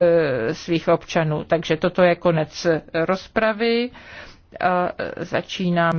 Eh, svých občanů. Takže toto je konec rozpravy a eh, začínáme.